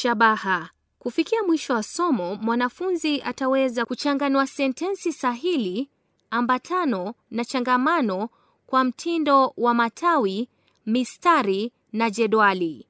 Shabaha. Kufikia mwisho wa somo, mwanafunzi ataweza kuchanganua sentensi sahili, ambatano na changamano kwa mtindo wa matawi, mistari na jedwali.